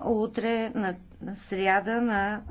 утре на сряда на